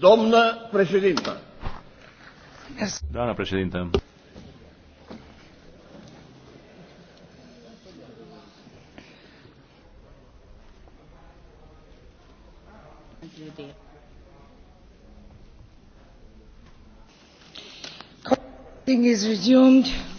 Domnă președintă! Doamnă președintă! Is resumed.